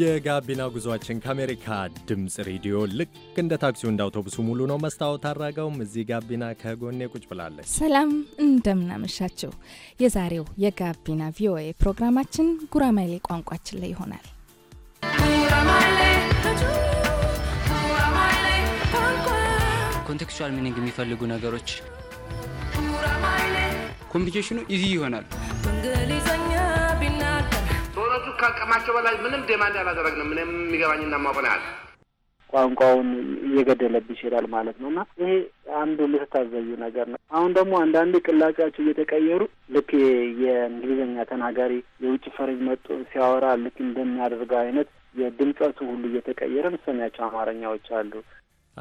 የጋቢና ጉዟችን ከአሜሪካ ድምፅ ሬዲዮ ልክ እንደ ታክሲው እንደ አውቶቡሱ ሙሉ ነው። መስታወት አድራጋውም እዚህ ጋቢና ከጎኔ ቁጭ ብላለች። ሰላም እንደምናመሻችው። የዛሬው የጋቢና ቪኦኤ ፕሮግራማችን ጉራማይሌ ቋንቋችን ላይ ይሆናል። ኮንቴክስቹዋል ሚኒንግ የሚፈልጉ ነገሮች ኮምፒቴሽኑ ኢዚ ይሆናል። ከአቅማቸው በላይ ምንም ዴማንድ ያላደረግንም ምንም የሚገባኝና ማቆን ያል ቋንቋውን እየገደለብሽ ይሄዳል ማለት ነው። እና ይሄ አንዱ ልትታዘዩ ነገር ነው። አሁን ደግሞ አንዳንዴ ቅላጫቸው እየተቀየሩ ልክ የእንግሊዝኛ ተናጋሪ የውጭ ፈረጅ መጡ ሲያወራ ልክ እንደሚያደርገው አይነት የድምጸቱ ሁሉ እየተቀየረ ምሰሚያቸው አማርኛዎች አሉ።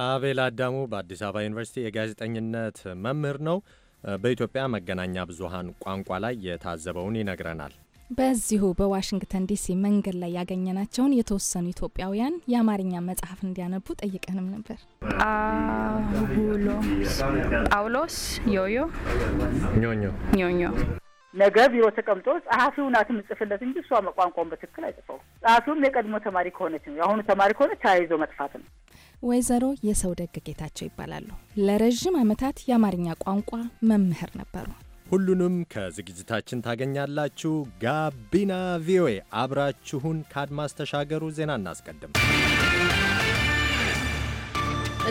አቤል አዳሙ በአዲስ አበባ ዩኒቨርሲቲ የጋዜጠኝነት መምህር ነው። በኢትዮጵያ መገናኛ ብዙኃን ቋንቋ ላይ የታዘበውን ይነግረናል። በዚሁ በዋሽንግተን ዲሲ መንገድ ላይ ያገኘናቸውን የተወሰኑ ኢትዮጵያውያን የአማርኛ መጽሐፍ እንዲያነቡ ጠይቀንም ነበር። ጳውሎስ ዮዮ ኞኞ ነገ ቢሮ ተቀምጦ ጸሐፊው ናት የምጽፍለት እንጂ እሷ ቋንቋውን በትክክል አይጽፈው። ጸሐፊውም የቀድሞ ተማሪ ከሆነች ነው። የአሁኑ ተማሪ ከሆነ ተያይዞ መጥፋት ነው። ወይዘሮ የሰው ደግ ጌታቸው ይባላሉ። ለረዥም ዓመታት የአማርኛ ቋንቋ መምህር ነበሩ። ሁሉንም ከዝግጅታችን ታገኛላችሁ። ጋቢና ቪኦኤ፣ አብራችሁን ከአድማስ ተሻገሩ። ዜና እናስቀድም።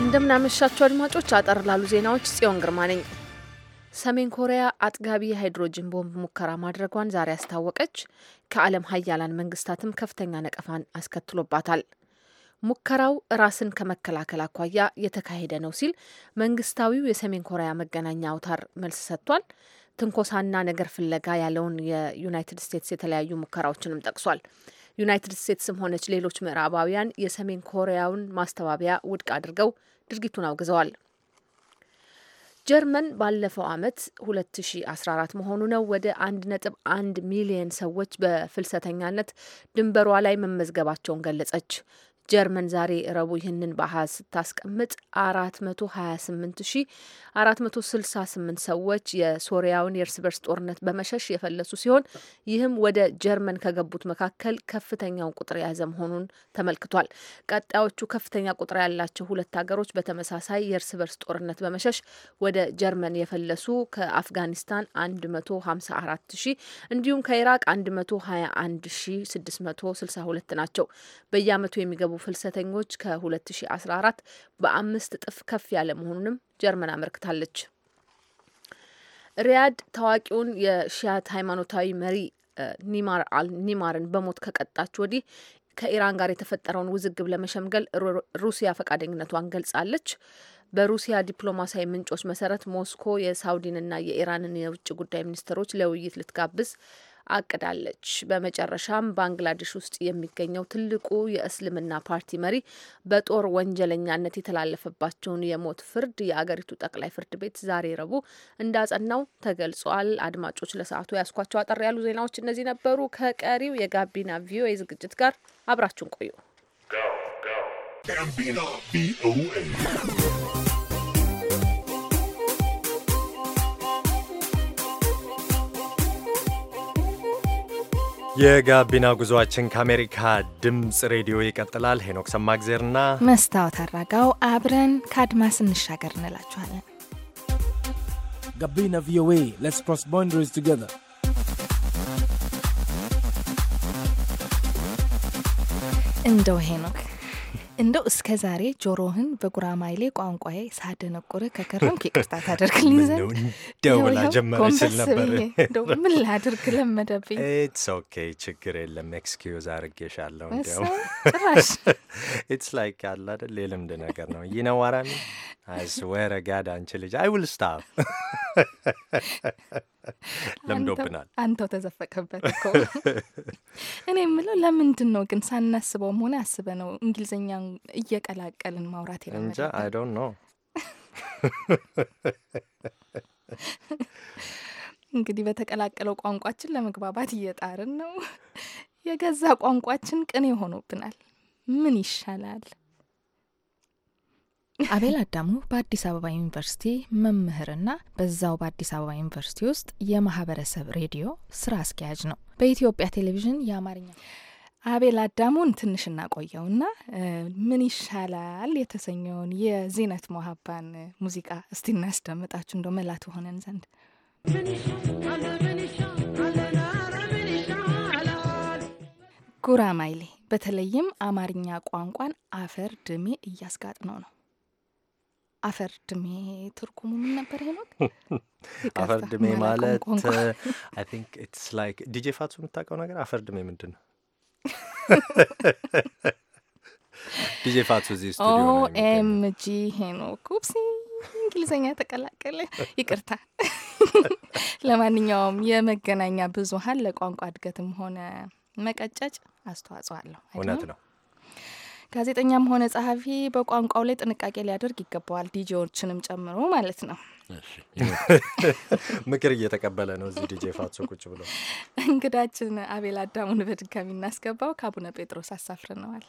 እንደምናመሻችሁ አድማጮች፣ አጠር ላሉ ዜናዎች ጽዮን ግርማ ነኝ። ሰሜን ኮሪያ አጥጋቢ የሃይድሮጅን ቦምብ ሙከራ ማድረጓን ዛሬ አስታወቀች። ከዓለም ሀያላን መንግስታትም ከፍተኛ ነቀፋን አስከትሎባታል። ሙከራው ራስን ከመከላከል አኳያ የተካሄደ ነው ሲል መንግስታዊው የሰሜን ኮሪያ መገናኛ አውታር መልስ ሰጥቷል። ትንኮሳና ነገር ፍለጋ ያለውን የዩናይትድ ስቴትስ የተለያዩ ሙከራዎችንም ጠቅሷል። ዩናይትድ ስቴትስም ሆነች ሌሎች ምዕራባውያን የሰሜን ኮሪያውን ማስተባበያ ውድቅ አድርገው ድርጊቱን አውግዘዋል። ጀርመን ባለፈው ዓመት 2014 መሆኑ ነው ወደ 1.1 ሚሊየን ሰዎች በፍልሰተኛነት ድንበሯ ላይ መመዝገባቸውን ገለጸች። ጀርመን ዛሬ ረቡ ይህንን በአሀዝ ስታስቀምጥ አራት መቶ ሀያ ስምንት ሺ አራት መቶ ስልሳ ስምንት ሰዎች የሶሪያውን የእርስ በርስ ጦርነት በመሸሽ የፈለሱ ሲሆን ይህም ወደ ጀርመን ከገቡት መካከል ከፍተኛውን ቁጥር የያዘ መሆኑን ተመልክቷል። ቀጣዮቹ ከፍተኛ ቁጥር ያላቸው ሁለት ሀገሮች በተመሳሳይ የእርስ በርስ ጦርነት በመሸሽ ወደ ጀርመን የፈለሱ ከአፍጋኒስታን አንድ መቶ ሀምሳ አራት ሺ እንዲሁም ከኢራቅ አንድ መቶ ሀያ አንድ ሺ ስድስት መቶ ስልሳ ሁለት ናቸው። በየአመቱ የሚገቡ ፍልሰተኞች ከ2014 በአምስት እጥፍ ከፍ ያለ መሆኑንም ጀርመን አመልክታለች። ሪያድ ታዋቂውን የሺያት ሃይማኖታዊ መሪ ኒማር አል ኒማርን በሞት ከቀጣች ወዲህ ከኢራን ጋር የተፈጠረውን ውዝግብ ለመሸምገል ሩሲያ ፈቃደኝነቷን ገልጻለች። በሩሲያ ዲፕሎማሲያዊ ምንጮች መሰረት ሞስኮ የሳውዲንና የኢራንን የውጭ ጉዳይ ሚኒስትሮች ለውይይት ልትጋብዝ አቅዳለች። በመጨረሻም ባንግላዴሽ ውስጥ የሚገኘው ትልቁ የእስልምና ፓርቲ መሪ በጦር ወንጀለኛነት የተላለፈባቸውን የሞት ፍርድ የአገሪቱ ጠቅላይ ፍርድ ቤት ዛሬ ረቡዕ እንዳጸናው ተገልጿል። አድማጮች ለሰዓቱ ያስኳቸው አጠር ያሉ ዜናዎች እነዚህ ነበሩ። ከቀሪው የጋቢና ቪኦኤ ዝግጅት ጋር አብራችሁን ቆዩ። የጋቢና ጉዞአችን ከአሜሪካ ድምፅ ሬዲዮ ይቀጥላል። ሄኖክ ሰማግዜርና መስታወት አራጋው አብረን ከአድማስ እንሻገር እንላችኋለን። ጋቢና ቪኦኤ ሌትስ ክሮስ ቦንደሪስ ቱጌዘር እንደው ሄኖክ እንደው እስከ ዛሬ ጆሮህን በጉራማይሌ ቋንቋዬ ሳደነቁረ ከከረምክ ይቅርታ ታደርግልኝ ዘንድ ደውላ ጀመረች ስል ነበር። ምን ላድርግ ለመደብኝ። ኢትስ ኦኬ ችግር የለም ኤክስኪዩዝ አድርጌሻለሁ። እንዲያውም ኢትስ ላይክ ያለ አይደል የልምድ ነገር ነው። ይነዋራሚ አይስዌር ጋድ አንቺ ልጅ አይ ውል ስታፍ ለምዶብናል። አንተው ተዘፈቀበት እኮ። እኔ የምለው ለምንድን ነው ግን ሳናስበውም ሆነ አስበ ነው እንግሊዝኛ እየቀላቀልን ማውራት የለመደ አይ ዶንት ኖ እንግዲህ በተቀላቀለው ቋንቋችን ለመግባባት እየጣርን ነው። የገዛ ቋንቋችን ቅኔ ሆኖብናል። ምን ይሻላል? አቤል አዳሙ በአዲስ አበባ ዩኒቨርሲቲ መምህርና በዛው በአዲስ አበባ ዩኒቨርሲቲ ውስጥ የማህበረሰብ ሬዲዮ ስራ አስኪያጅ ነው። በኢትዮጵያ ቴሌቪዥን የአማርኛ አቤል አዳሙን ትንሽ እናቆየውና ምን ይሻላል የተሰኘውን የዚነት መሀባን ሙዚቃ እስቲ እናስደምጣችሁ እንደ መላት ሆነን ዘንድ ጉራማይሌ በተለይም አማርኛ ቋንቋን አፈር ድሜ እያስጋጥነው ነው። አፈር ድሜ ትርጉሙ ምን ነበር? ሄኖክ አፈር ድሜ ማለት አይ ቲንክ ኢትስ ላይክ ዲጄ ፋቱ የምታውቀው ነገር አፈር ድሜ ምንድን ነው? ዲጄ ፋቱ እዚህ ስቱዲዮ ኦኤምጂ ሄኖክ ኡፕሲ እንግሊዝኛ ተቀላቀለ፣ ይቅርታ። ለማንኛውም የመገናኛ ብዙሀን ለቋንቋ እድገትም ሆነ መቀጨጭ አስተዋጽኦ አለው። እውነት ነው። ጋዜጠኛም ሆነ ጸሐፊ በቋንቋው ላይ ጥንቃቄ ሊያደርግ ይገባዋል፣ ዲጄዎችንም ጨምሮ ማለት ነው። ምክር እየተቀበለ ነው እዚህ ዲጄ ፋቶ ቁጭ ብሎ። እንግዳችን አቤል አዳሙን በድጋሚ እናስገባው። ከአቡነ ጴጥሮስ አሳፍርነዋል።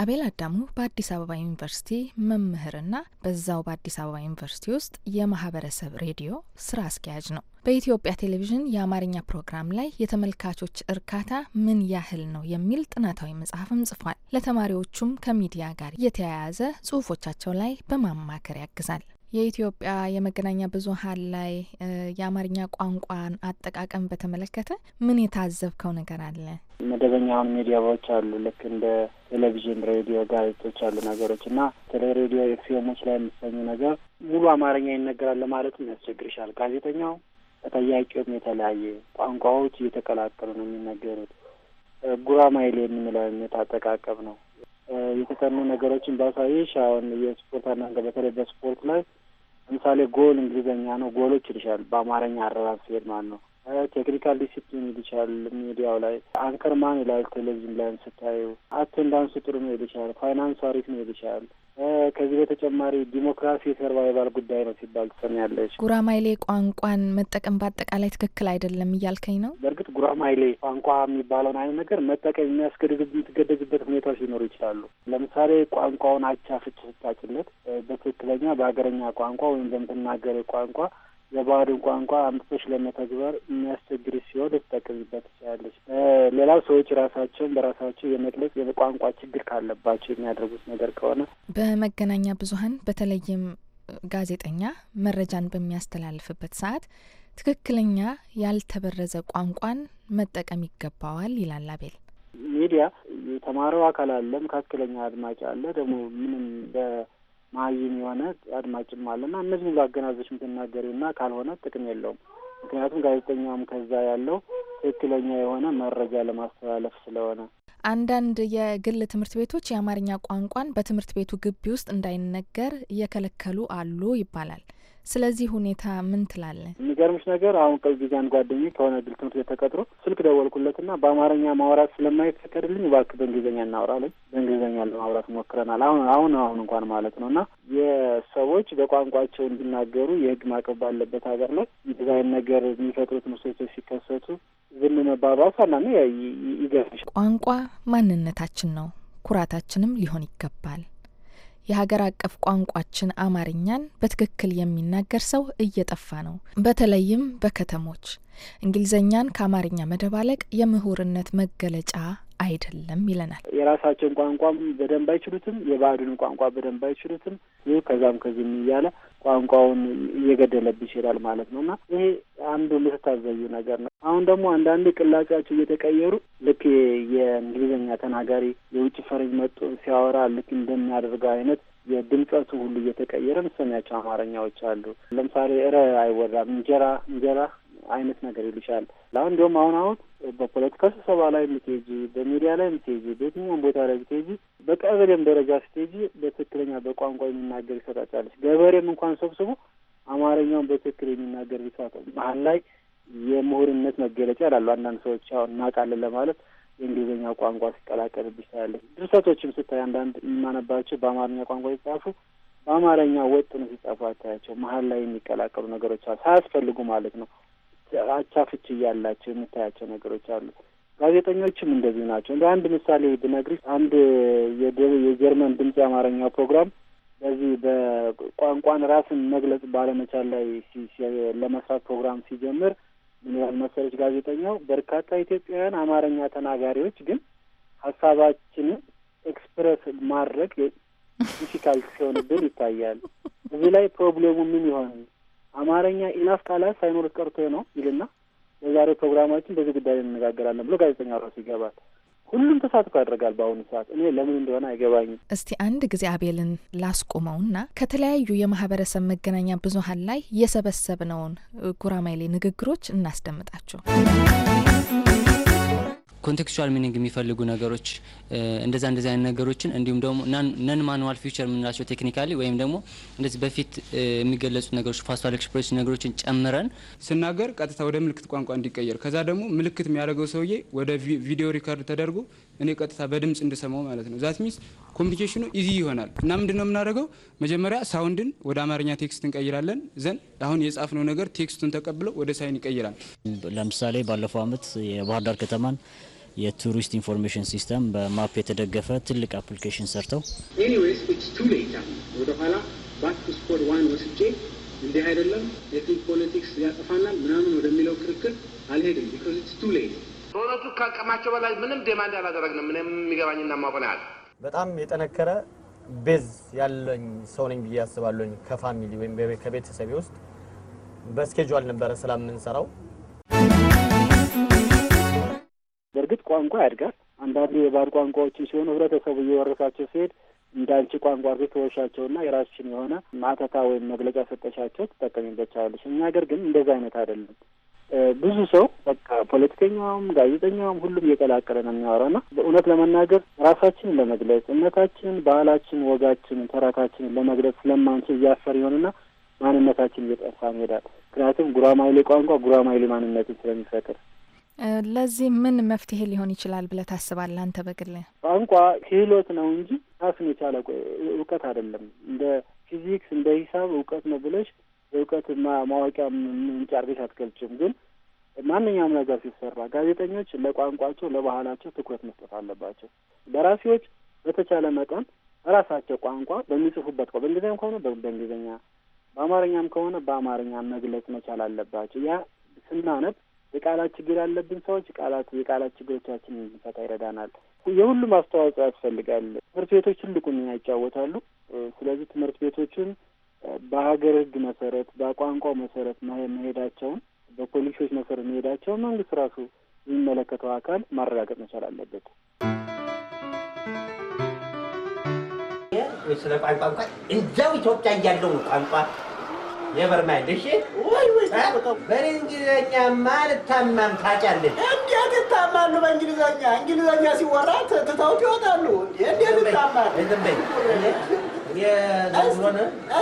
አቤል አዳሙ በአዲስ አበባ ዩኒቨርሲቲ መምህርና በዛው በአዲስ አበባ ዩኒቨርሲቲ ውስጥ የማህበረሰብ ሬዲዮ ስራ አስኪያጅ ነው። በኢትዮጵያ ቴሌቪዥን የአማርኛ ፕሮግራም ላይ የተመልካቾች እርካታ ምን ያህል ነው የሚል ጥናታዊ መጽሐፍም ጽፏል። ለተማሪዎቹም ከሚዲያ ጋር የተያያዘ ጽሁፎቻቸው ላይ በማማከር ያግዛል። የኢትዮጵያ የመገናኛ ብዙኃን ላይ የአማርኛ ቋንቋን አጠቃቀም በተመለከተ ምን የታዘብከው ነገር አለ? መደበኛውን ሚዲያዎች አሉ፣ ልክ እንደ ቴሌቪዥን፣ ሬዲዮ፣ ጋዜጦች አሉ ነገሮች እና ቴሌ ሬዲዮ ኤፍኤሞች ላይ የምሰኙ ነገር ሙሉ አማርኛ ይነገራል ለማለትም ያስቸግርሻል። ጋዜጠኛው ተጠያቂውም የተለያየ ቋንቋዎች እየተቀላቀሉ ነው የሚነገሩት። ጉራማይሌ የምንለው አይነት አጠቃቀም ነው። የተጠኑ ነገሮችን ባሳይሽ አሁን የስፖርት አናገ በተለይ በስፖርት ላይ ለምሳሌ ጎል እንግሊዘኛ ነው። ጎሎች ይልሻል በአማርኛ አረባብ ሲሄድ ማለት ነው። ቴክኒካል ዲሲፕሊን ሄድ ይችላል። ሚዲያው ላይ አንከርማን ይላል። ቴሌቪዥን ላይ ስታዩ አቴንዳንስ ጥሩ ነው ሄድ ይችላል። ፋይናንሱ አሪፍ ነው ሄድ ይችላል። ከዚህ በተጨማሪ ዲሞክራሲ ሰርቫይቫል ጉዳይ ነው ሲባል ትሰሚያለች። ጉራማይሌ ቋንቋን መጠቀም በአጠቃላይ ትክክል አይደለም እያልከኝ ነው? በእርግጥ ጉራማይሌ ቋንቋ የሚባለውን አይነት ነገር መጠቀም የሚያስገድግበት ሁኔታዎች ሊኖሩ ይችላሉ። ለምሳሌ ቋንቋውን አቻ ፍች ስታጭነት በትክክለኛ በሀገረኛ ቋንቋ ወይም በምትናገር ቋንቋ የባህሪው ቋንቋ አምጥቶ ለመተግበር የሚያስቸግር ሲሆን ልትጠቀምበት ትችላለች። ሌላው ሰዎች ራሳቸውን በራሳቸው የመግለጽ የቋንቋ ችግር ካለባቸው የሚያደርጉት ነገር ከሆነ በመገናኛ ብዙኃን በተለይም ጋዜጠኛ መረጃን በሚያስተላልፍበት ሰዓት ትክክለኛ ያልተበረዘ ቋንቋን መጠቀም ይገባዋል ይላል አቤል። ሚዲያ የተማረው አካል አለ፣ መካከለኛ አድማጭ አለ፣ ደግሞ ምንም ማይን የሆነ አድማጭም አለና እነዚህ ሁሉ የምትናገሪ የምትናገሪውና ካልሆነ ጥቅም የለውም። ምክንያቱም ጋዜጠኛውም ከዛ ያለው ትክክለኛ የሆነ መረጃ ለማስተላለፍ ስለሆነ አንዳንድ የግል ትምህርት ቤቶች የአማርኛ ቋንቋን በትምህርት ቤቱ ግቢ ውስጥ እንዳይነገር እየከለከሉ አሉ ይባላል። ስለዚህ ሁኔታ ምን ትላለህ? የሚገርምሽ ነገር አሁን ቅርብ ጊዜ አንድ ጓደኛዬ ከሆነ ድል ትምህርት ቤት ተቀጥሮ ስልክ ደወልኩለትና በአማርኛ ማውራት ስለማይፈቀድልኝ እባክህ በእንግሊዝኛ እናውራለን። በእንግሊዝኛ ለማውራት ሞክረናል። አሁን አሁን አሁን እንኳን ማለት ነው እና የሰዎች በቋንቋቸው እንዲናገሩ የህግ ማዕቀብ ባለበት ሀገር ላይ ዲዛይን ነገር የሚፈጥሩት ምሶቶች ሲከሰቱ ዝም መባባስ አናነ ይገርምሽ ቋንቋ ማንነታችን ነው ኩራታችንም ሊሆን ይገባል። የሀገር አቀፍ ቋንቋችን አማርኛን በትክክል የሚናገር ሰው እየጠፋ ነው። በተለይም በከተሞች እንግሊዝኛን ከአማርኛ መደባለቅ የምሁርነት መገለጫ አይደለም ይለናል። የራሳቸውን ቋንቋም በደንብ አይችሉትም፣ የባዕዱን ቋንቋ በደንብ አይችሉትም። ይህ ከዛም ከዚህም እያለ ቋንቋውን እየገደለብ ይችላል ማለት ነው እና ይሄ አንዱ የምትታዘዩ ነገር ነው። አሁን ደግሞ አንዳንድ ቅላጫቸው እየተቀየሩ ልክ የእንግሊዝኛ ተናጋሪ የውጭ ፈረንጅ መጡ ሲያወራ ልክ እንደሚያደርገው አይነት የድምጸቱ ሁሉ እየተቀየረ ምሰሚያቸው አማርኛዎች አሉ። ለምሳሌ እረ አይወራም እንጀራ እንጀራ አይነት ነገር ይሉሻል። ለአሁን እንዲሁም አሁን አሁን በፖለቲካ ስብሰባ ላይ ብትሄጂ፣ በሚዲያ ላይ ብትሄጂ፣ በየትኛውም ቦታ ላይ ብትሄጂ፣ በቀበሌም ደረጃ ስትሄጂ በትክክለኛ በቋንቋ የሚናገር ይሰጣጫለች። ገበሬም እንኳን ሰብስቦ አማርኛውን በትክክል የሚናገር ይሰጣል። መሀል ላይ የምሁርነት መገለጫ ይላሉ አንዳንድ ሰዎች። አሁን እናውቃለን ለማለት የእንግሊዝኛ ቋንቋ ሲቀላቀል ታያለች። ድርሰቶችም ስታይ አንዳንድ የማነባቸው በአማርኛ ቋንቋ ሲጻፉ በአማርኛ ወጥ ነው ሲጻፉ አታያቸው። መሀል ላይ የሚቀላቀሉ ነገሮች አሉ፣ ሳያስፈልጉ ማለት ነው። አቻፍች እያላቸው የምታያቸው ነገሮች አሉ። ጋዜጠኞችም እንደዚህ ናቸው። እንደ አንድ ምሳሌ ብነግርሽ አንድ የጀርመን ድምፅ የአማርኛ ፕሮግራም በዚህ በቋንቋን ራስን መግለጽ ባለመቻል ላይ ለመስራት ፕሮግራም ሲጀምር ምን ያህል መሰለች ጋዜጠኛው፣ በርካታ ኢትዮጵያውያን አማርኛ ተናጋሪዎች ግን ሀሳባችንን ኤክስፕረስ ማድረግ ዲፊካልት ሲሆንብን ይታያል። እዚህ ላይ ፕሮብሌሙ ምን ይሆን? አማርኛ ኢናፍ ቃላት ሳይኖር ቀርቶ ነው ይልና በዛሬው ፕሮግራማችን በዚህ ጉዳይ እንነጋገራለን ብሎ ጋዜጠኛው ራሱ ይገባል። ሁሉም ተሳትፎ ያደርጋል። በአሁኑ ሰዓት እኔ ለምን እንደሆነ አይገባኝም። እስቲ አንድ ጊዜ አቤልን ላስቆመውና ከተለያዩ የማህበረሰብ መገናኛ ብዙኃን ላይ የሰበሰብነውን ጉራማይሌ ንግግሮች እናስደምጣቸው። ኮንቴክስቹዋል ሚኒንግ የሚፈልጉ ነገሮች እንደዛ እንደዚ አይነት ነገሮችን እንዲሁም ደግሞ ነን ማኑዋል ፊውቸር የምንላቸው ቴክኒካሊ ወይም ደግሞ እንደዚህ በፊት የሚገለጹ ነገሮች ፋስቷል ኤክስፕሬሽን ነገሮችን ጨምረን ስናገር ቀጥታ ወደ ምልክት ቋንቋ እንዲቀየር ከዛ ደግሞ ምልክት የሚያደርገው ሰውዬ ወደ ቪዲዮ ሪካርድ ተደርጎ እኔ ቀጥታ በድምፅ እንድሰማው ማለት ነው። ዛት ሚንስ ኮሚኒኬሽኑ ኢዚ ይሆናል እና ምንድን ነው የምናደርገው? መጀመሪያ ሳውንድን ወደ አማርኛ ቴክስት እንቀይራለን። ዘን አሁን የጻፍነው ነገር ቴክስቱን ተቀብለው ወደ ሳይን ይቀይራል። ለምሳሌ ባለፈው ዓመት የባህር ዳር ከተማን የቱሪስት ኢንፎርሜሽን ሲስተም በማፕ የተደገፈ ትልቅ አፕሊኬሽን ሰርተው ወደኋላ ባክ እንዲህ አይደለም የትም ፖለቲክስ ያጠፋናል ምናምን ወደሚለው ክርክር አልሄድም። ቢኮዝ ኢትስ ቱ ሌት በእውነቱ ከአቅማቸው በላይ ምንም ዴማንድ አላደረግንም። ምንም የሚገባኝ ማቆን ያህል በጣም የጠነከረ ቤዝ ያለኝ ሰው ነኝ ብዬ አስባለኝ። ከፋሚሊ ወይም ከቤተሰቤ ውስጥ በስኬጁ አልነበረ ስለምንሰራው ቋንቋ ያድጋል። አንዳንዱ የባህል ቋንቋዎችን ሲሆኑ ህብረተሰቡ እየወረሳቸው ሲሄድ እንደ አንቺ ቋንቋ አድርገሽ ተወሻቸውና የራስሽን የሆነ ማተታ ወይም መግለጫ ሰጠሻቸው ትጠቀሚበታለሽ። እኛ ሀገር ግን እንደዛ አይነት አይደለም። ብዙ ሰው በቃ ፖለቲከኛውም ጋዜጠኛውም ሁሉም እየቀላቀለ ነው የሚያወራው በእውነት ለመናገር ራሳችንን ለመግለጽ እምነታችንን፣ ባህላችንን፣ ወጋችንን፣ ተረታችንን ለመግለጽ ስለማንችል እያፈር ይሆንና ማንነታችን እየጠፋ ይሄዳል። ምክንያቱም ጉራማይሌ ቋንቋ ጉራማይሌ ማንነትን ስለሚፈጥር ለዚህ ምን መፍትሄ ሊሆን ይችላል ብለህ ታስባለህ አንተ በግል? ቋንቋ ክህሎት ነው እንጂ ራሱን የቻለ እውቀት አይደለም። እንደ ፊዚክስ እንደ ሂሳብ እውቀት ነው ብለሽ እውቀት ማወቂያ ምንጭ አድርገሽ አትገልጭም። ግን ማንኛውም ነገር ሲሰራ ጋዜጠኞች ለቋንቋቸው ለባህላቸው ትኩረት መስጠት አለባቸው። ደራሲዎች በተቻለ መጠን በራሳቸው ቋንቋ በሚጽፉበት ቋ በእንግሊዝኛም ከሆነ በእንግሊዝኛ በአማርኛም ከሆነ በአማርኛ መግለጽ መቻል አለባቸው። ያ ስናነብ የቃላት ችግር ያለብን ሰዎች ቃላት የቃላት ችግሮቻችን እንዲፈታ ይረዳናል። የሁሉም አስተዋጽኦ ያስፈልጋል። ትምህርት ቤቶች ትልቁን ሚና ይጫወታሉ። ስለዚህ ትምህርት ቤቶችን በሀገር ሕግ መሰረት በቋንቋው መሰረት መሄዳቸውን በፖሊሶች መሰረት መሄዳቸውን መንግስት ራሱ የሚመለከተው አካል ማረጋገጥ መቻል አለበት። ስለ ቋንቋ እንኳን እዛው ኢትዮጵያ እያለው ቋንቋ የበርማይ ድሽ ወይ ወይ በእንግሊዘኛ ማልታማም ታውቂያለሽ። እንዴት ይታማሉ? በእንግሊዘኛ እንግሊዘኛ ሲወራ ትተውት ይወጣሉ። እንዴት ይታማሉ?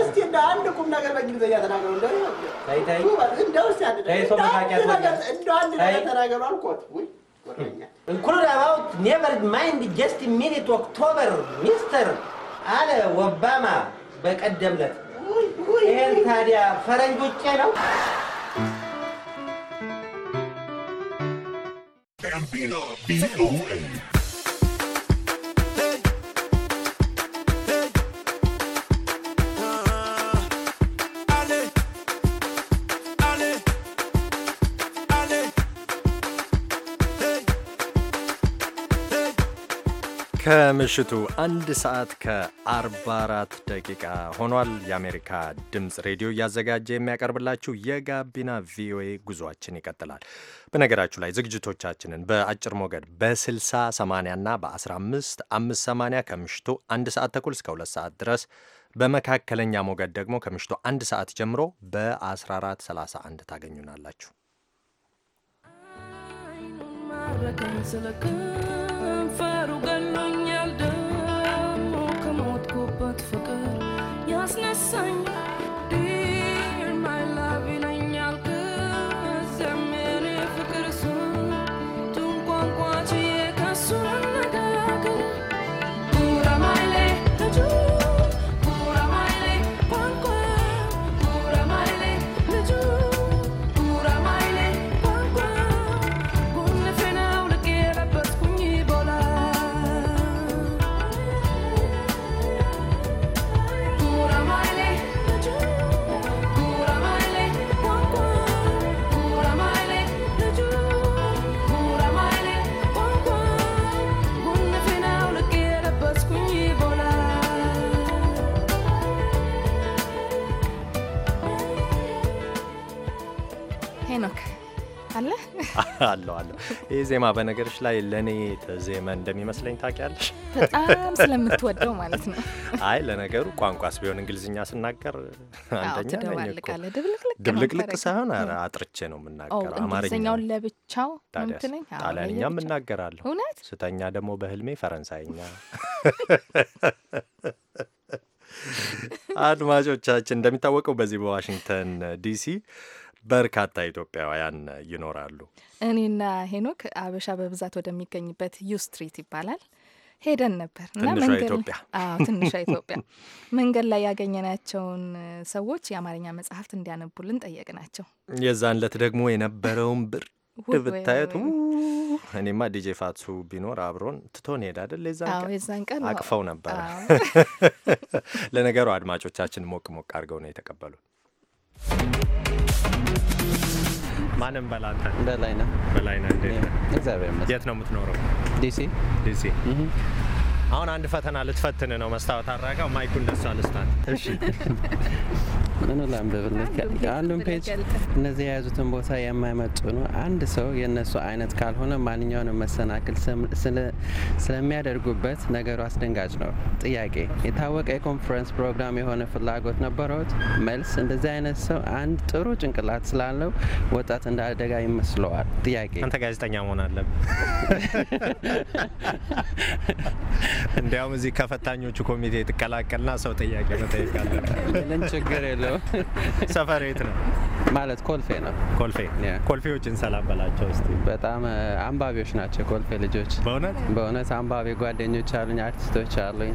እስቲ እንደ አንድ ቁም ነገር በእንግሊዘኛ ተናገሩ አልኮት እንኩሉድ አባውት ኔቨር ማይንድ ጀስት ሚኒት ኦክቶበር ሚስተር አለ ኦባማ በቀደም ዕለት ይህን ታዲያ ፈረንጅ ውጭ ነው። ከምሽቱ አንድ ሰዓት ከ44 ደቂቃ ሆኗል። የአሜሪካ ድምፅ ሬዲዮ እያዘጋጀ የሚያቀርብላችሁ የጋቢና ቪኦኤ ጉዟችን ይቀጥላል። በነገራችሁ ላይ ዝግጅቶቻችንን በአጭር ሞገድ በ60 80 እና በ15 580 ከምሽቱ አንድ ሰዓት ተኩል እስከ ሁለት ሰዓት ድረስ በመካከለኛ ሞገድ ደግሞ ከምሽቱ አንድ ሰዓት ጀምሮ በ1431 ታገኙናላችሁ። I ይህ ዜማ በነገሮች ላይ ለእኔ ተዜመ እንደሚመስለኝ ታውቂያለሽ፣ በጣም ስለምትወደው ማለት ነው። አይ ለነገሩ ቋንቋስ ቢሆን እንግሊዝኛ ስናገር አንደኛ ድብልቅልቅ ሳይሆን አጥርቼ ነው የምናገረው። አማርኛውን ለብቻው ጣሊያንኛ ጣሊያንኛም እውነት ስተኛ ደግሞ በህልሜ ፈረንሳይኛ አድማጮቻችን እንደሚታወቀው በዚህ በዋሽንግተን ዲሲ በርካታ ኢትዮጵያውያን ይኖራሉ። እኔና ሄኖክ አበሻ በብዛት ወደሚገኝበት ዩ ስትሪት ይባላል ሄደን ነበር እና ትንሿ ኢትዮጵያ መንገድ ላይ ያገኘናቸውን ሰዎች የአማርኛ መጽሐፍት እንዲያነቡልን ጠየቅናቸው። የዛን ዕለት ደግሞ የነበረውን ብርድ ብታየቱ እኔማ ዲጄ ፋቱ ቢኖር አብሮን ትቶን ሄድ አደል የዛን ቀን አቅፈው ነበረ። ለነገሩ አድማጮቻችን ሞቅ ሞቅ አድርገው ነው የተቀበሉት። ማንም በላንተ በላይ ነህ በላይ ነህ። እግዚአብሔር ይመስገን። የት ነው የምትኖረው? ዲሲ ዲሲ አሁን አንድ ፈተና ልትፈትን ነው መስታወት አድራጋው ማይኩ እንደሱ አልስታት። እሺ ምን ላንብብልህ? አንዱን ፔጅ እነዚህ የያዙትን ቦታ የማይመጡ ነው። አንድ ሰው የእነሱ አይነት ካልሆነ ማንኛውንም መሰናክል ስለሚያደርጉበት ነገሩ አስደንጋጭ ነው። ጥያቄ የታወቀ የኮንፈረንስ ፕሮግራም የሆነ ፍላጎት ነበረውት? መልስ እንደዚህ አይነት ሰው አንድ ጥሩ ጭንቅላት ስላለው ወጣት እንደ አደጋ ይመስለዋል። ጥያቄ አንተ ጋዜጠኛ መሆን አለብህ። እንዲያውም እዚህ ከፈታኞቹ ኮሚቴ የተቀላቀልና ሰው ጥያቄ መጠየቃለ። ምንም ችግር የለው። ሰፈር የት ነው? ማለት ኮልፌ ነው። ኮልፌ ኮልፌዎችን ሰላም በላቸው እስቲ። በጣም አንባቢዎች ናቸው ኮልፌ ልጆች። በእውነት በእውነት አንባቢ ጓደኞች አሉኝ፣ አርቲስቶች አሉኝ።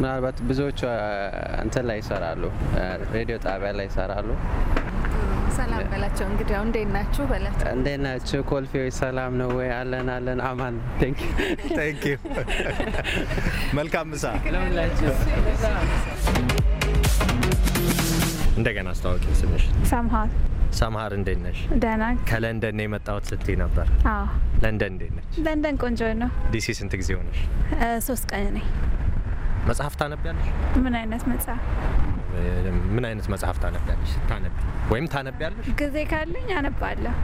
ምናልባት ብዙዎቹ እንትን ላይ ይሰራሉ፣ ሬዲዮ ጣቢያ ላይ ይሰራሉ። ሰላም በላቸው። እንግዲያው እንዴት ናችሁ በላቸው። እንዴት ናችሁ ኮልፌዎች፣ ሰላም ነው ወይ? አለን አለን፣ አማን ቴንክ ዩ። መልካም ምሳ እንደገና አስተዋወቂ ስንሽ ሰምሃል ሰምሃር እንዴት ነሽ? ደህና ከለንደን ነው የመጣሁት ስትይ ነበር። ለንደን እንዴት ነች? ለንደን ቆንጆ ነው። ዲሲ ስንት ጊዜ ሆነሽ? ሶስት ቀን ነኝ። መጽሐፍ ታነቢያለሽ? ምን አይነት መጽሐፍ? ምን አይነት መጽሐፍ ታነቢያለሽ? ታነቢ ወይም ታነቢያለሽ? ጊዜ ካለኝ አነባለሁ።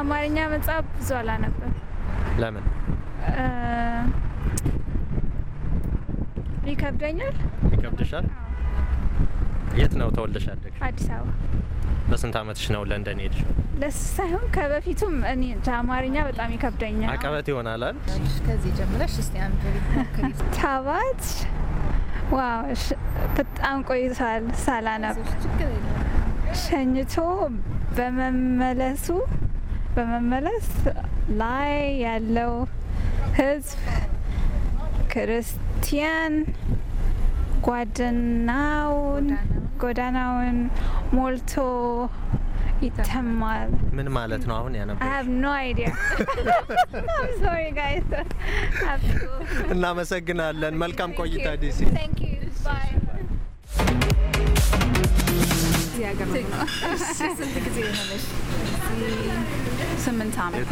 አማርኛ መጽሐፍ ብዙ አላነብም። ለምን? ይከብደኛል። ይከብድሻል? የት ነው ተወልደሽ ያደግሽ? አዲስ አበባ። በስንት አመትሽ ነው ለንደን ሄድሽው? ለሳይሆን ከበፊቱም እኔ አማርኛ በጣም ይከብደኛል። አቀበት ይሆናል አይደል? ከዚህ ጀምረሽ እስቲ አንድ ታባት ዋው በጣም ቆይቷል። ሳላነብ ሸኝቶ በመመለሱ በመመለስ ላይ ያለው ህዝብ ክርስቲያን ጓደናውን ጎዳናውን ሞልቶ ምን ማለት ነው? አሁን እናመሰግናለን። መልካም ቆይታ ዲሲ። ስምንት ዓመት።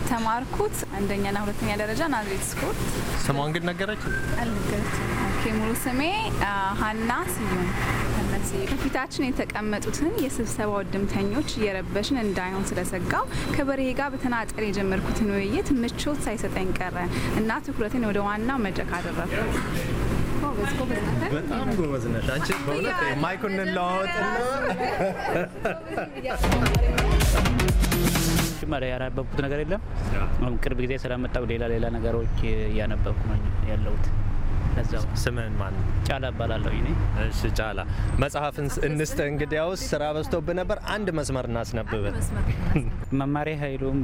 የተማርኩት አንደኛና ሁለተኛ ደረጃ ናዝሬት ስኩል። ስሟን ግን ነገረች? አልነገረችም። ኦኬ ሙሉ ስሜ ሀና ስዩም ከፊታችን የተቀመጡትን የስብሰባ እድምተኞች እየረበሽን እንዳይሆን ስለሰጋው ከበሬ ጋር በተናጠል የጀመርኩትን ውይይት ምቾት ሳይሰጠኝ ቀረ እና ትኩረትን ወደ ዋናው መድረክ አደረኩ። በጣም ጎበዝ ነሽ አንቺ በእውነት ማይኩን እንለዋወጥና መጀመሪያ ያነበብኩት ነገር የለም። ቅርብ ጊዜ ስለመጣሁ ሌላ ሌላ ነገሮች እያነበብኩ ነው ያለሁት። ስምን ማን? ጫላ እባላለሁ እኔ። እሺ ጫላ፣ መጽሐፍን እንስጥ። እንግዲያውስ ስራ በዝቶብህ ነበር፣ አንድ መስመር እናስነብበ። መማሪያ ኃይሉም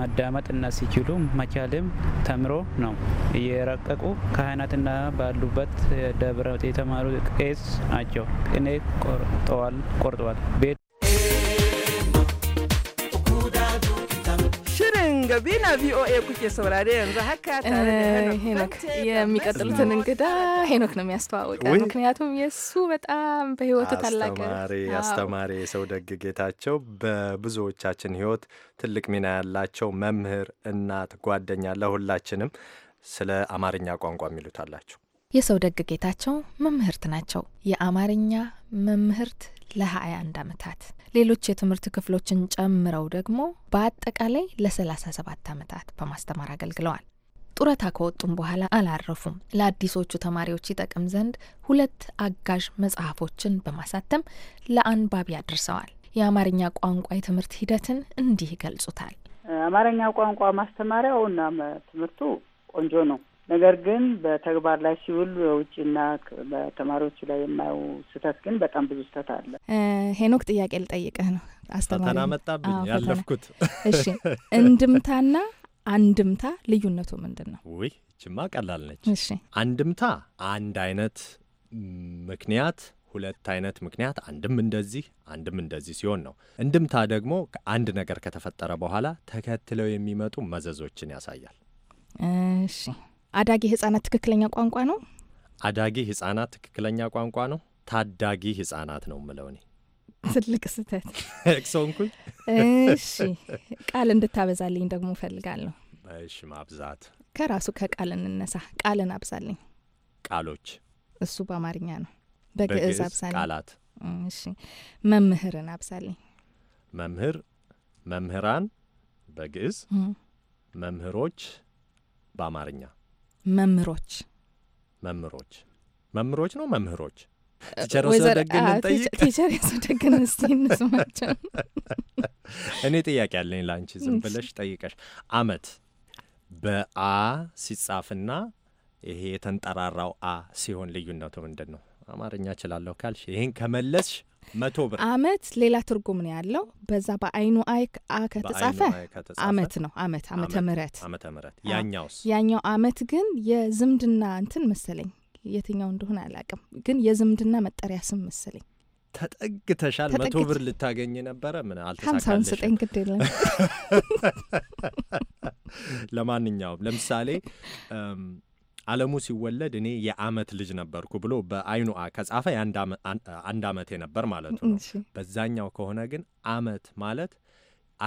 መዳመጥና ሲችሉ መቻልም ተምሮ ነው። እየረቀቁ ካህናትና ባሉበት ደብረ የተማሩ ቄስ ናቸው። ቅኔ ቆርጠዋል። Gabina VOA የሚቀጥሉትን እንግዳ ሄኖክ ነው የሚያስተዋውቀው። ምክንያቱም የእሱ በጣም በህይወቱ ታላቅ አስተማሪ የሰው ደግ ጌታቸው በብዙዎቻችን ህይወት ትልቅ ሚና ያላቸው መምህር፣ እናት፣ ጓደኛ ለሁላችንም ስለ አማርኛ ቋንቋ የሚሉት አላቸው። የሰው ደግ ጌታቸው መምህርት ናቸው። የአማርኛ መምህርት ለ21 ዓመታት ሌሎች የትምህርት ክፍሎችን ጨምረው ደግሞ በአጠቃላይ ለ37 ዓመታት በማስተማር አገልግለዋል። ጡረታ ከወጡም በኋላ አላረፉም። ለአዲሶቹ ተማሪዎች ይጠቅም ዘንድ ሁለት አጋዥ መጽሐፎችን በማሳተም ለአንባቢ አድርሰዋል። የአማርኛ ቋንቋ የትምህርት ሂደትን እንዲህ ይገልጹታል። አማርኛ ቋንቋ እና ትምህርቱ ቆንጆ ነው። ነገር ግን በተግባር ላይ ሲውል በውጭና በተማሪዎቹ ላይ የማየው ስህተት ግን በጣም ብዙ ስህተት አለ። ሄኖክ ጥያቄ ልጠይቅህ ነው። አስተማሪ መጣብኝ ያለፍኩት። እሺ እንድምታና አንድምታ ልዩነቱ ምንድን ነው? ውይ ችማ ቀላል ነች። እሺ አንድምታ አንድ አይነት ምክንያት ሁለት አይነት ምክንያት አንድም እንደዚህ አንድም እንደዚህ ሲሆን ነው። እንድምታ ደግሞ አንድ ነገር ከተፈጠረ በኋላ ተከትለው የሚመጡ መዘዞችን ያሳያል። እሺ አዳጊ ህጻናት ትክክለኛ ቋንቋ ነው? አዳጊ ህጻናት ትክክለኛ ቋንቋ ነው? ታዳጊ ህጻናት ነው ምለው እኔ። ትልቅ ስህተት ክሰውንኩኝ። እሺ ቃል እንድታበዛልኝ ደግሞ ፈልጋለሁ እሺ ማብዛት ከራሱ ከቃል እንነሳ። ቃልን አብዛልኝ። ቃሎች እሱ በአማርኛ ነው። በግዕዝ አብዛልኝ ቃላት። እሺ መምህርን አብዛልኝ። መምህር መምህራን በግዕዝ መምህሮች በአማርኛ መምህሮች መምህሮች መምህሮች ነው መምህሮች ቲቸር ወሰደግን እንጠይቅ። ቲቸር እስቲ እንስማቸው። እኔ ጥያቄ ያለኝ ለአንቺ ዝም ብለሽ ጠይቀሽ አመት በአ ሲጻፍና ይሄ የተንጠራራው አ ሲሆን ልዩነቱ ምንድን ነው? አማርኛ እችላለሁ ካልሽ ይህን ከመለስሽ መቶ ብር አመት ሌላ ትርጉም ነው ያለው። በዛ በአይኑ አይ ከተጻፈ አመት ነው አመት አመተ ምህረት አመተ ምህረት ያኛውስ ያኛው አመት ግን የዝምድና እንትን መሰለኝ የትኛው እንደሆነ አላውቅም፣ ግን የዝምድና መጠሪያ ስም መሰለኝ። ተጠግተሻል። መቶ ብር ልታገኝ ነበረ ምን አልተሳካልሽም። ስጠኝ ግድ የለም። ለማንኛውም ለምሳሌ አለሙ ሲወለድ እኔ የአመት ልጅ ነበርኩ ብሎ በአይኑ ከጻፈ አንድ አመቴ ነበር ማለቱ ነው። በዛኛው ከሆነ ግን አመት ማለት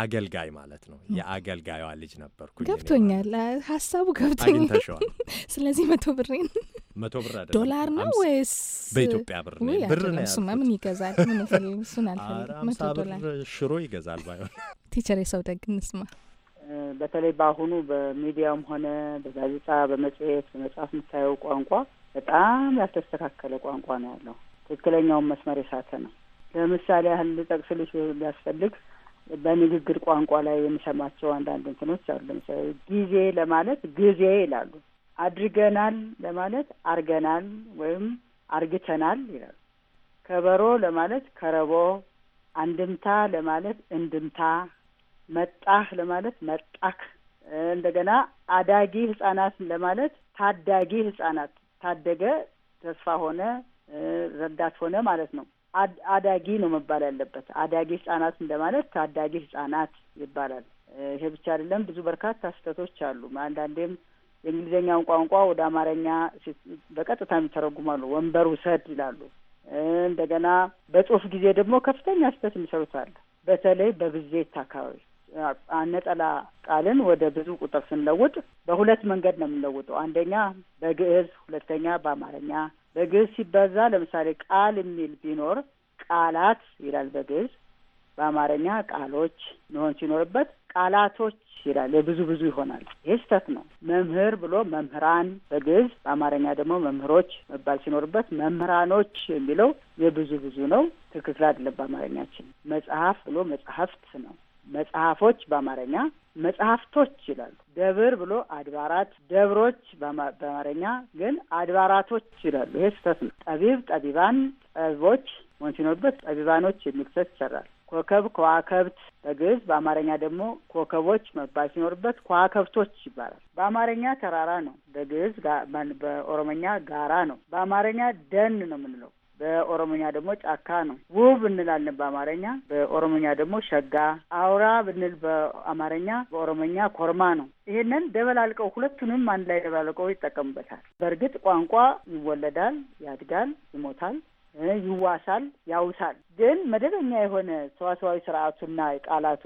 አገልጋይ ማለት ነው። የአገልጋዩዋ ልጅ ነበርኩ። ገብቶኛል፣ ሀሳቡ ገብቶኛል። ስለዚህ መቶ ብሬን መቶ ብር አይደለም ዶላር ነው ወይስ በኢትዮጵያ ብር ነው? ብር ነው። እሱማ ምን ይገዛል? ምን እሱን አልፈልግም። መቶ ዶላር ሽሮ ይገዛል ባይሆን። ቲቸር የሰው ደግ እንስማ በተለይ በአሁኑ በሚዲያም ሆነ በጋዜጣ፣ በመጽሔት፣ በመጽሐፍ የምታየው ቋንቋ በጣም ያልተስተካከለ ቋንቋ ነው ያለው። ትክክለኛውን መስመር የሳተ ነው። ለምሳሌ ያህል ልጠቅስልሽ ቢያስፈልግ በንግግር ቋንቋ ላይ የሚሰማቸው አንዳንድ እንትኖች አሉ። ለምሳሌ ጊዜ ለማለት ጊዜ ይላሉ። አድርገናል ለማለት አርገናል ወይም አርግተናል ይላሉ። ከበሮ ለማለት ከረቦ፣ አንድምታ ለማለት እንድምታ መጣህ ለማለት መጣክ፣ እንደገና አዳጊ ህጻናት ለማለት ታዳጊ ህጻናት፣ ታደገ ተስፋ ሆነ ረዳት ሆነ ማለት ነው። አዳጊ ነው መባል ያለበት። አዳጊ ህጻናት እንደማለት ታዳጊ ህጻናት ይባላል። ይሄ ብቻ አይደለም፣ ብዙ በርካታ ስህተቶች አሉ። አንዳንዴም የእንግሊዝኛውን ቋንቋ ወደ አማርኛ በቀጥታ የሚተረጉማሉ። ወንበር ውሰድ ይላሉ። እንደገና በጽሁፍ ጊዜ ደግሞ ከፍተኛ ስህተት የሚሰሩት አለ። በተለይ በብዜት አካባቢ ነጠላ ቃልን ወደ ብዙ ቁጥር ስንለውጥ በሁለት መንገድ ነው የምንለውጠው። አንደኛ በግዕዝ፣ ሁለተኛ በአማርኛ። በግዕዝ ሲበዛ ለምሳሌ ቃል የሚል ቢኖር ቃላት ይላል በግዕዝ። በአማርኛ ቃሎች መሆን ሲኖርበት ቃላቶች ይላል። የብዙ ብዙ ይሆናል። ይህ ስህተት ነው። መምህር ብሎ መምህራን በግዕዝ፣ በአማርኛ ደግሞ መምህሮች መባል ሲኖርበት መምህራኖች የሚለው የብዙ ብዙ ነው። ትክክል አይደለም። በአማርኛችን መጽሐፍ ብሎ መጽሐፍት ነው። መጽሐፎች በአማርኛ መጽሐፍቶች ይላሉ። ደብር ብሎ አድባራት፣ ደብሮች በአማርኛ ግን አድባራቶች ይላሉ። ይሄ ስህተት ነው። ጠቢብ፣ ጠቢባን፣ ጠቢቦች መሆን ሲኖርበት ጠቢባኖች የሚል ስህተት ይሰራል። ኮከብ፣ ከዋከብት በግዕዝ በአማርኛ ደግሞ ኮከቦች መባል ሲኖርበት ከዋከብቶች ይባላል። በአማርኛ ተራራ ነው፣ በግዕዝ በኦሮመኛ ጋራ ነው። በአማርኛ ደን ነው የምንለው በኦሮሞኛ ደግሞ ጫካ ነው። ውብ እንላለን በአማርኛ፣ በኦሮሞኛ ደግሞ ሸጋ። አውራ ብንል በአማርኛ፣ በኦሮሞኛ ኮርማ ነው። ይሄንን ደበላልቀው ሁለቱንም አንድ ላይ ደበላልቀው ይጠቀሙበታል። በእርግጥ ቋንቋ ይወለዳል፣ ያድጋል፣ ይሞታል፣ ይዋሳል፣ ያውሳል። ግን መደበኛ የሆነ ሰዋሰዋዊ ስርዓቱና ቃላቱ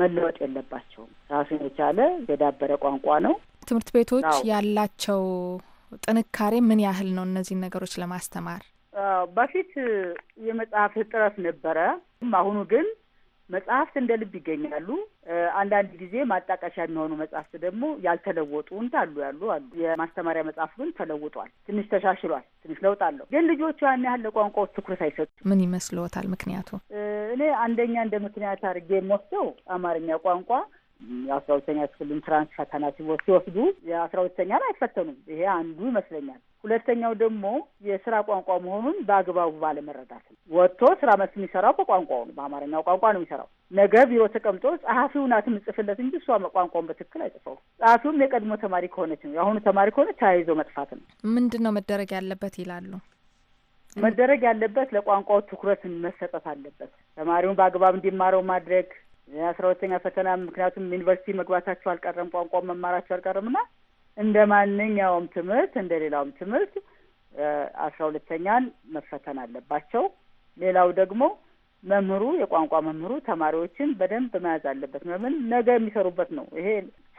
መለወጥ የለባቸውም። ራሱን የቻለ የዳበረ ቋንቋ ነው። ትምህርት ቤቶች ያላቸው ጥንካሬ ምን ያህል ነው? እነዚህን ነገሮች ለማስተማር በፊት የመጽሐፍ እጥረት ነበረ። አሁኑ ግን መጽሐፍት እንደ ልብ ይገኛሉ። አንዳንድ ጊዜ ማጣቀሻ የሚሆኑ መጽሐፍት ደግሞ ያልተለወጡ እንዳሉ ያሉ አሉ። የማስተማሪያ መጽሐፍ ግን ተለውጧል፣ ትንሽ ተሻሽሏል፣ ትንሽ ለውጥ አለው። ግን ልጆቹ ያን ያህል ለቋንቋው ትኩረት አይሰጡ። ምን ይመስልዎታል ምክንያቱ? እኔ አንደኛ እንደ ምክንያት አድርጌ የምወስደው አማርኛ ቋንቋ የአስራ ሁለተኛ ክፍልን ትራንስ ፈተና ሲወስዱ የአስራ ሁለተኛን አይፈተኑም። ይሄ አንዱ ይመስለኛል። ሁለተኛው ደግሞ የስራ ቋንቋ መሆኑን በአግባቡ ባለመረዳት ነው። ወጥቶ ስራ መስ የሚሰራው በቋንቋው ነው፣ በአማርኛው ቋንቋ ነው የሚሰራው። ነገ ቢሮ ተቀምጦ ጸሐፊው ናት የምጽፍለት እንጂ እሷ ቋንቋውን በትክክል አይጽፈው። ጸሐፊውም የቀድሞ ተማሪ ከሆነች ነው፣ የአሁኑ ተማሪ ከሆነ ተያይዞ መጥፋት ነው። ምንድን ነው መደረግ ያለበት ይላሉ? መደረግ ያለበት ለቋንቋው ትኩረት መሰጠት አለበት። ተማሪውን በአግባብ እንዲማረው ማድረግ የአስራ ሁለተኛ ፈተና ምክንያቱም ዩኒቨርሲቲ መግባታቸው አልቀረም፣ ቋንቋ መማራቸው አልቀረም እና እንደ ማንኛውም ትምህርት እንደ ሌላውም ትምህርት አስራ ሁለተኛን መፈተን አለባቸው። ሌላው ደግሞ መምህሩ የቋንቋ መምህሩ ተማሪዎችን በደንብ መያዝ አለበት። ምን ነገ የሚሰሩበት ነው። ይሄ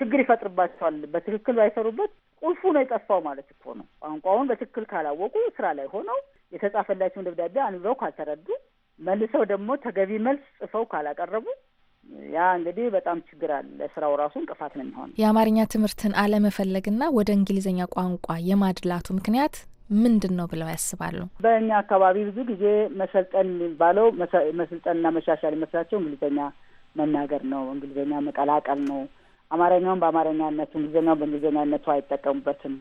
ችግር ይፈጥርባቸዋል። በትክክል ባይሰሩበት ቁልፉ ነው የጠፋው ማለት እኮ ነው። ቋንቋውን በትክክል ካላወቁ ስራ ላይ ሆነው የተጻፈላቸውን ደብዳቤ አንብበው ካልተረዱ መልሰው ደግሞ ተገቢ መልስ ጽፈው ካላቀረቡ ያ እንግዲህ በጣም ችግር አለ። ለስራው ራሱ እንቅፋት ነው የሚሆን። የአማርኛ ትምህርትን አለመፈለግና ወደ እንግሊዝኛ ቋንቋ የማድላቱ ምክንያት ምንድን ነው ብለው ያስባሉ? በእኛ አካባቢ ብዙ ጊዜ መሰልጠን የሚባለው መስልጠንና መሻሻል የመስላቸው እንግሊዝኛ መናገር ነው፣ እንግሊዝኛ መቀላቀል ነው። አማርኛውን በአማርኛነቱ እንግሊዝኛውን በእንግሊዝኛነቱ አይጠቀሙበትም።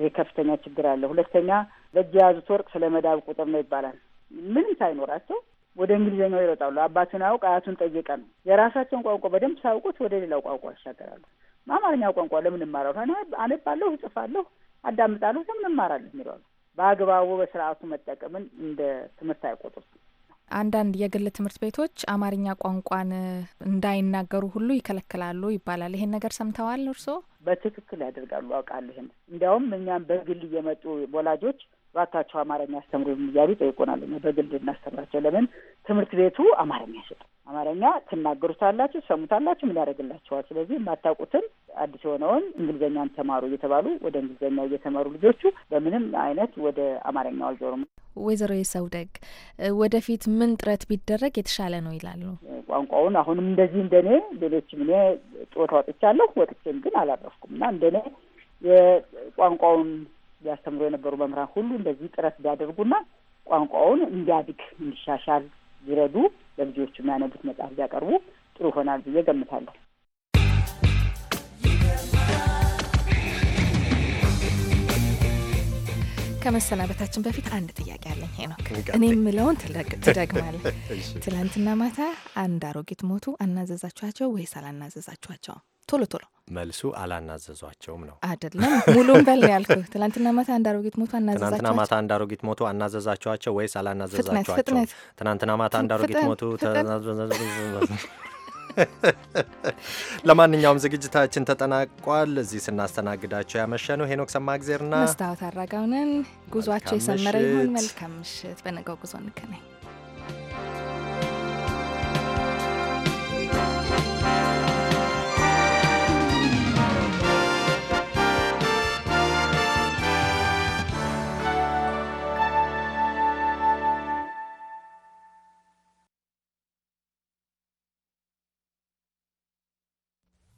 ይሄ ከፍተኛ ችግር አለ። ሁለተኛ በእጅ የያዙት ወርቅ ስለ መዳብ ቁጥር ነው ይባላል ምንም ሳይኖራቸው ወደ እንግሊዝኛው ይረጣሉ። አባቱን አውቅ አያቱን ጠየቀ ነው። የራሳቸውን ቋንቋ በደንብ ሳያውቁት ወደ ሌላው ቋንቋ ይሻገራሉ። አማርኛ ቋንቋ ለምን እማራለሁ? አነባለሁ፣ እጽፋለሁ፣ አዳምጣለሁ፣ ለምን እማራለሁ የሚለዋሉ። በአግባቡ በስርዓቱ መጠቀምን እንደ ትምህርት አይቆጥሩት። አንዳንድ የግል ትምህርት ቤቶች አማርኛ ቋንቋን እንዳይናገሩ ሁሉ ይከለክላሉ ይባላል። ይሄን ነገር ሰምተዋል እርስዎ? በትክክል ያደርጋሉ፣ አውቃለሁ። ይህን እንዲያውም እኛም በግል እየመጡ ወላጆች እባካቸው አማርኛ አስተምሮ እያሉ ይጠይቁናል። በግል እናስተምራቸው። ለምን ትምህርት ቤቱ አማርኛ ይሰጡ? አማርኛ ትናገሩታላችሁ፣ ትሰሙታላችሁ፣ ምን ያደርግላችኋል? ስለዚህ የማታውቁትን አዲስ የሆነውን እንግሊዝኛን ተማሩ እየተባሉ ወደ እንግሊዝኛ እየተመሩ ልጆቹ በምንም አይነት ወደ አማርኛው አልዞሩም። ወይዘሮ የሰውደግ ወደፊት ምን ጥረት ቢደረግ የተሻለ ነው ይላሉ? ቋንቋውን አሁንም እንደዚህ እንደኔ ሌሎችም እኔ ጡረታ ወጥቻለሁ፣ ወጥቼም ግን አላረፍኩም እና እንደኔ የቋንቋውን ያስተምሩ የነበሩ መምህራን ሁሉ እንደዚህ ጥረት ቢያደርጉና ቋንቋውን እንዲያድግ እንዲሻሻል ይረዱ፣ ለልጆች የሚያነቡት መጽሐፍ ቢያቀርቡ ጥሩ ይሆናል ብዬ ገምታለሁ። ከመሰናበታችን በፊት አንድ ጥያቄ አለኝ ሄኖክ። እኔ የምለውን ትደግማለህ። ትላንትና ማታ አንድ አሮጊት ሞቱ። አናዘዛችኋቸው ወይስ አላናዘዛችኋቸውም? ቶሎ ቶሎ መልሱ አላናዘዟቸውም ነው አይደለም። ሙሉም በል ያልኩ ትናንትና ማታ አንድ አሮጊት ሞቶ አናዘዛቸው። ትናንትና ማታ አንድ አሮጊት ሞቶ አናዘዛቸዋቸው ወይስ አላናዘዛቸዋቸው? ትናንትና ማታ አንድ አሮጊት ሞቶ ለማንኛውም ዝግጅታችን ተጠናቋል። እዚህ ስናስተናግዳቸው ያመሸኑ ሄኖክ ሰማእግዜርና መስታወት አራጋውንን ጉዟቸው የሰመረ ይሁን። መልካም ምሽት። በነገው ጉዞ እንገናኝ።